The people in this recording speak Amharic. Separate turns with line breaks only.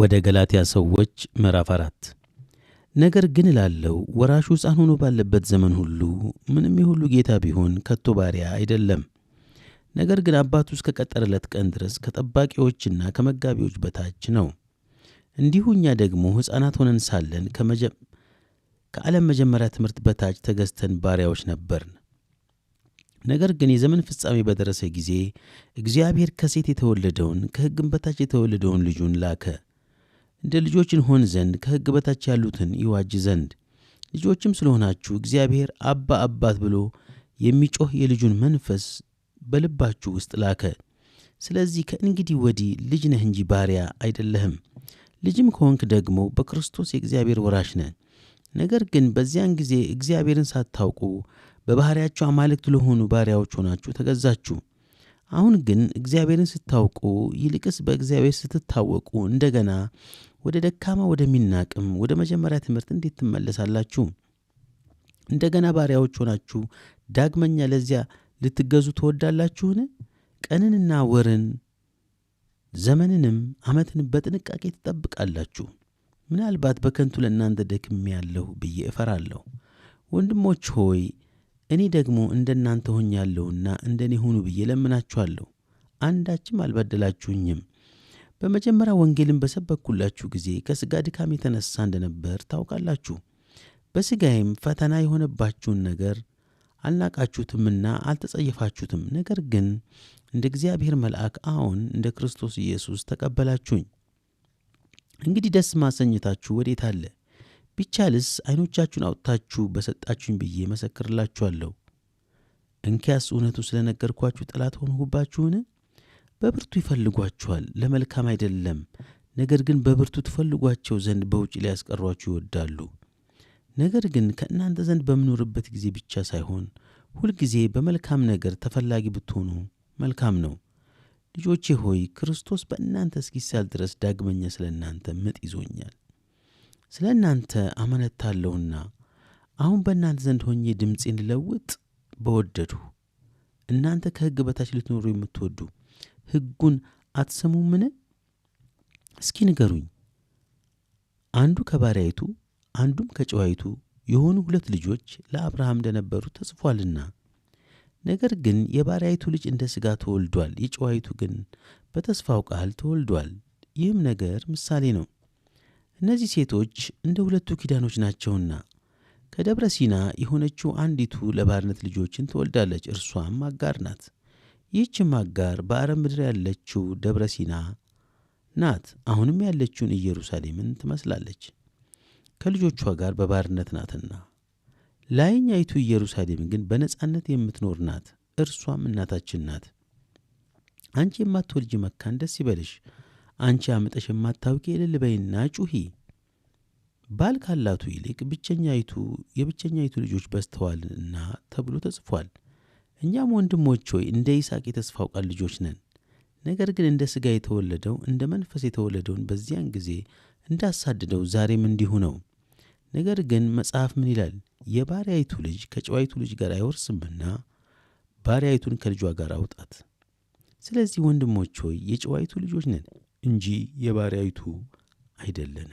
ወደ ገላትያ ሰዎች ምዕራፍ አራት ነገር ግን እላለሁ ወራሹ ሕፃን ሆኖ ባለበት ዘመን ሁሉ ምንም የሁሉ ጌታ ቢሆን ከቶ ባሪያ አይደለም። ነገር ግን አባቱ እስከ ቀጠረለት ቀን ድረስ ከጠባቂዎችና ከመጋቢዎች በታች ነው። እንዲሁ እኛ ደግሞ ሕፃናት ሆነን ሳለን ከዓለም መጀመሪያ ትምህርት በታች ተገዝተን ባሪያዎች ነበርን። ነገር ግን የዘመን ፍጻሜ በደረሰ ጊዜ እግዚአብሔር ከሴት የተወለደውን ከሕግም በታች የተወለደውን ልጁን ላከ። እንደ ልጆች እንሆን ዘንድ ከሕግ በታች ያሉትን ይዋጅ ዘንድ ልጆችም ስለሆናችሁ እግዚአብሔር አባ አባት ብሎ የሚጮህ የልጁን መንፈስ በልባችሁ ውስጥ ላከ። ስለዚህ ከእንግዲህ ወዲህ ልጅ ነህ እንጂ ባሪያ አይደለህም። ልጅም ከሆንክ ደግሞ በክርስቶስ የእግዚአብሔር ወራሽ ነህ። ነገር ግን በዚያን ጊዜ እግዚአብሔርን ሳታውቁ በባሕርያቸው አማልክት ለሆኑ ባሪያዎች ሆናችሁ ተገዛችሁ። አሁን ግን እግዚአብሔርን ስታውቁ ይልቅስ በእግዚአብሔር ስትታወቁ እንደገና ወደ ደካማ ወደሚናቅም ወደ መጀመሪያ ትምህርት እንዴት ትመለሳላችሁ? እንደገና ባሪያዎች ሆናችሁ ዳግመኛ ለዚያ ልትገዙ ትወዳላችሁን? ቀንንና ወርን ዘመንንም ዓመትን በጥንቃቄ ትጠብቃላችሁ። ምናልባት በከንቱ ለእናንተ ደክሜ ያለሁ ብዬ እፈራለሁ። ወንድሞች ሆይ እኔ ደግሞ እንደናንተ ሆኛለሁና እንደ እኔ ሁኑ ብዬ ለምናችኋለሁ፣ አንዳችም አልበደላችሁኝም። በመጀመሪያ ወንጌልን በሰበኩላችሁ ጊዜ ከሥጋ ድካም የተነሳ እንደነበር ታውቃላችሁ። በሥጋዬም ፈተና የሆነባችሁን ነገር አልናቃችሁትምና አልተጸየፋችሁትም። ነገር ግን እንደ እግዚአብሔር መልአክ አሁን እንደ ክርስቶስ ኢየሱስ ተቀበላችሁኝ። እንግዲህ ደስ ማሰኘታችሁ ወዴት አለ? ቢቻልስ አይኖቻችሁን አውጥታችሁ በሰጣችሁኝ ብዬ መሰክርላችኋለሁ። እንኪያስ እውነቱ ስለ ነገርኳችሁ ጠላት ሆንሁባችሁን? በብርቱ ይፈልጓችኋል፣ ለመልካም አይደለም። ነገር ግን በብርቱ ትፈልጓቸው ዘንድ በውጭ ሊያስቀሯችሁ ይወዳሉ። ነገር ግን ከእናንተ ዘንድ በምኖርበት ጊዜ ብቻ ሳይሆን ሁልጊዜ በመልካም ነገር ተፈላጊ ብትሆኑ መልካም ነው። ልጆቼ ሆይ ክርስቶስ በእናንተ እስኪሳል ድረስ ዳግመኛ ስለ እናንተ ምጥ ይዞኛል። ስለ እናንተ አመነታለሁና አሁን በእናንተ ዘንድ ሆኜ ድምፄን ልለውጥ በወደድሁ እናንተ ከሕግ በታች ልትኖሩ የምትወዱ ሕጉን አትሰሙምን? እስኪ ንገሩኝ። አንዱ ከባሪያይቱ አንዱም ከጨዋይቱ የሆኑ ሁለት ልጆች ለአብርሃም እንደነበሩ ተጽፏልና። ነገር ግን የባሪያይቱ ልጅ እንደ ሥጋ ተወልዷል፣ የጨዋይቱ ግን በተስፋው ቃል ተወልዷል። ይህም ነገር ምሳሌ ነው እነዚህ ሴቶች እንደ ሁለቱ ኪዳኖች ናቸውና ከደብረ ሲና የሆነችው አንዲቱ ለባርነት ልጆችን ትወልዳለች፣ እርሷም አጋር ናት። ይህችም አጋር በአረብ ምድር ያለችው ደብረ ሲና ናት። አሁንም ያለችውን ኢየሩሳሌምን ትመስላለች፣ ከልጆቿ ጋር በባርነት ናትና። ላይኛይቱ ኢየሩሳሌም ግን በነጻነት የምትኖር ናት፣ እርሷም እናታችን ናት። አንቺ የማትወልጅ መካን ደስ ይበልሽ አንቺ አምጠሽ የማታውቂ የልልበይና ጩሂ። ባል ካላቱ ይልቅ ብቸኛይቱ የብቸኛይቱ ልጆች በዝተዋልና ተብሎ ተጽፏል። እኛም ወንድሞች ሆይ እንደ ይስሐቅ የተስፋ ቃል ልጆች ነን። ነገር ግን እንደ ሥጋ የተወለደው እንደ መንፈስ የተወለደውን በዚያን ጊዜ እንዳሳድደው ዛሬም እንዲሁ ነው። ነገር ግን መጽሐፍ ምን ይላል? የባሪያይቱ ልጅ ከጨዋይቱ ልጅ ጋር አይወርስምና ባሪያይቱን ከልጇ ጋር አውጣት። ስለዚህ ወንድሞች ሆይ የጨዋይቱ ልጆች ነን፣ እንጂ የባሪያይቱ አይደለንም።